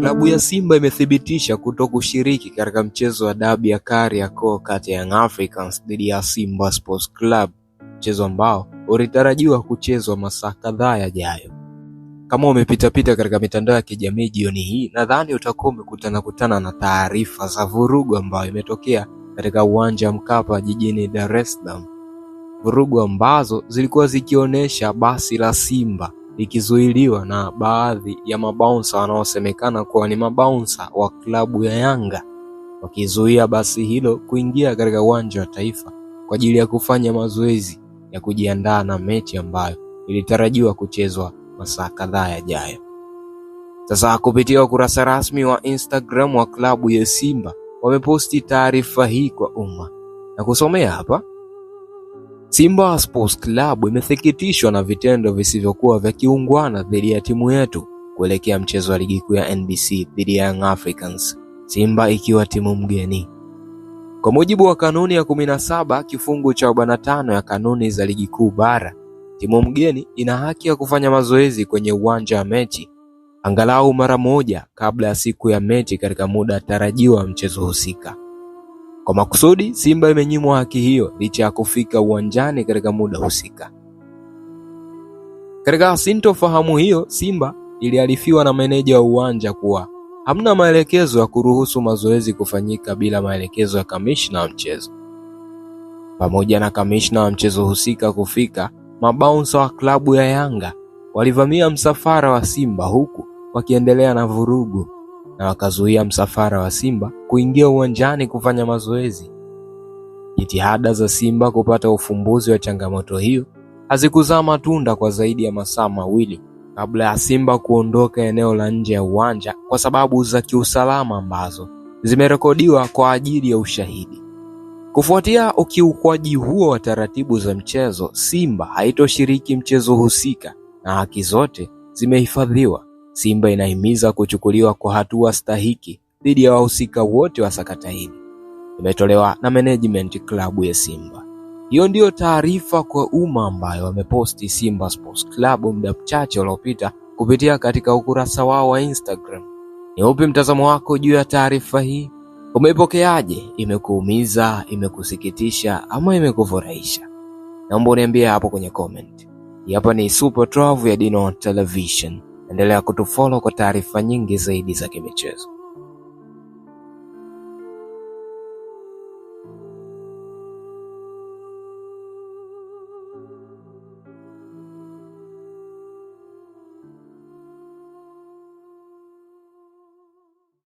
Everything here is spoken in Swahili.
Klabu ya Simba imethibitisha kutokushiriki katika mchezo wa dabi ya Kariakoo kati ya Young Africans dhidi ya Simba Sports Club, mchezo ambao ulitarajiwa kuchezwa masaa kadhaa yajayo. Kama umepitapita katika mitandao ya kijamii jioni hii, nadhani utakuwa umekutana kutana na taarifa za vurugu ambayo imetokea katika uwanja wa Mkapa jijini Dar es Salaam, vurugu ambazo zilikuwa zikionyesha basi la Simba ikizuiliwa na baadhi ya mabaunsa wanaosemekana kuwa ni mabaunsa wa klabu ya Yanga wakizuia basi hilo kuingia katika uwanja wa Taifa kwa ajili ya kufanya mazoezi ya kujiandaa na mechi ambayo ilitarajiwa kuchezwa masaa kadhaa yajayo. Sasa kupitia ukurasa rasmi wa Instagram wa klabu ya Simba wameposti taarifa hii kwa umma na kusomea hapa. Simba Sports Club imethikitishwa na vitendo visivyokuwa vya kiungwana dhidi ya timu yetu kuelekea mchezo wa ligi kuu ya NBC dhidi ya Young Africans, Simba ikiwa timu mgeni. Kwa mujibu wa kanuni ya 17 kifungu cha 45 ya kanuni za ligi kuu bara, timu mgeni ina haki ya kufanya mazoezi kwenye uwanja wa mechi angalau mara moja kabla ya siku ya mechi katika muda tarajiwa wa mchezo husika. Kwa makusudi Simba imenyimwa haki hiyo licha ya kufika uwanjani katika muda husika. Katika sintofahamu hiyo, Simba iliarifiwa na meneja wa uwanja kuwa hamna maelekezo ya kuruhusu mazoezi kufanyika bila maelekezo ya kamishna wa mchezo. Pamoja na kamishna wa mchezo husika kufika, mabaunsa wa klabu ya Yanga walivamia msafara wa Simba huku wakiendelea na vurugu na wakazuia msafara wa Simba kuingia uwanjani kufanya mazoezi. Jitihada za Simba kupata ufumbuzi wa changamoto hiyo hazikuzaa matunda kwa zaidi ya masaa mawili kabla ya Simba kuondoka eneo la nje ya uwanja kwa sababu za kiusalama ambazo zimerekodiwa kwa ajili ya ushahidi. Kufuatia ukiukwaji huo wa taratibu za mchezo, Simba haitoshiriki mchezo husika na haki zote zimehifadhiwa. Simba inahimiza kuchukuliwa kwa hatua stahiki dhidi ya wahusika wote wa sakata hili. Imetolewa na management klabu ya Simba. Hiyo ndiyo taarifa kwa umma ambayo wameposti Simba Sports Club muda mchache uliopita kupitia katika ukurasa wao wa Instagram. Ni upi mtazamo wako juu ya taarifa hii? Umeipokeaje? Imekuumiza, imekusikitisha ama imekufurahisha? Naomba uniambie hapo kwenye comment. Hapa ni Super Trove ya Dino Television. Endelea kutufollow kwa taarifa nyingi zaidi za kimichezo.